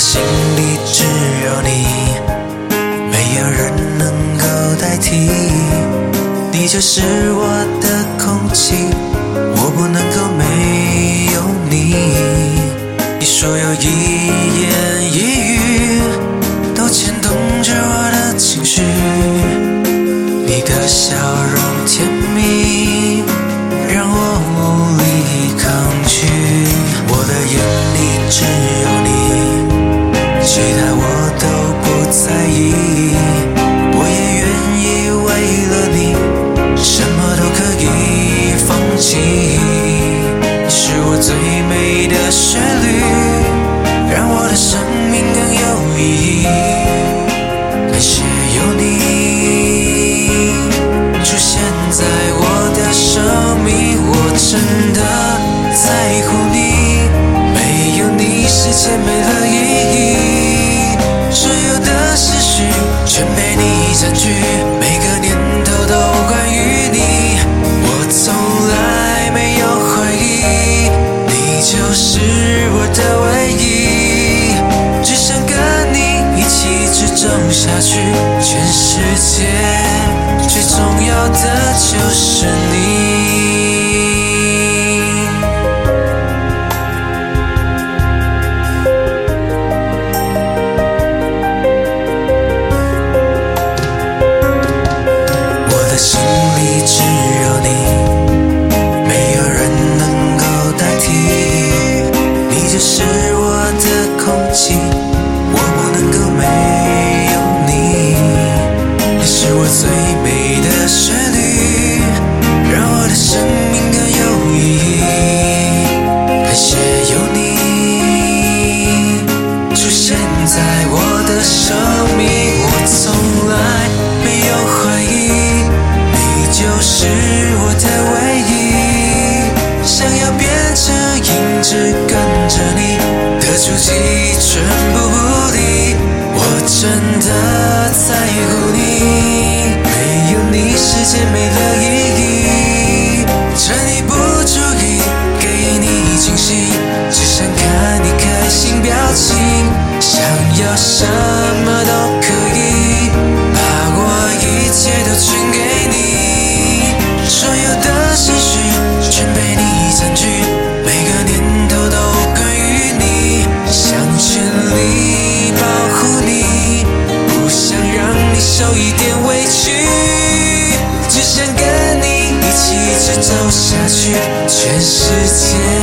我心裡只有你，沒有人能夠代替。你就是我的空氣，我不能夠沒有你。你所有一言一語，都牽動着我的情緒。你的笑容甜蜜，讓我無力抗拒。我的眼裡只有你。有。佔據每個念頭都關於你，我從來沒有懷疑，你就是我的唯一，只想跟你一起一直走下去，全世界最重要的就是你。是我的空氣，我不能夠沒有你。你是我最美的旋律，讓我的生命更有意義。感謝有你出現在我的生命，我從來沒有懷疑，你就是我的唯一。想要變成影子跟着你，足跡寸步不離，我真的在乎你。沒有你，世界沒了意義。趁你不注意，給你驚喜，只想看你開心表情。想要什。點委屈，只想跟你一起一直走下去，全世界。